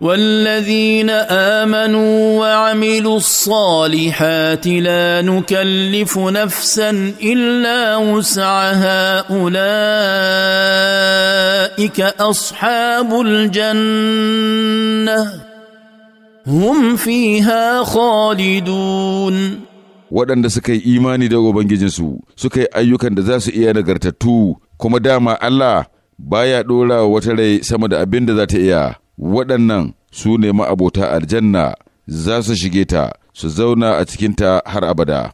والذين امنوا وعملوا الصالحات لا نكلف نفسا الا وسعها اولئك اصحاب الجنه هم فيها خالدون waɗanda suka yi imani da Ubangijinsu suka yi ayyukan da za su iya nagartattu kuma dama Allah baya ɗora wata rai sama da abin da za ta iya waɗannan su ne ma'abota aljanna za su shige ta su zauna a cikinta har abada.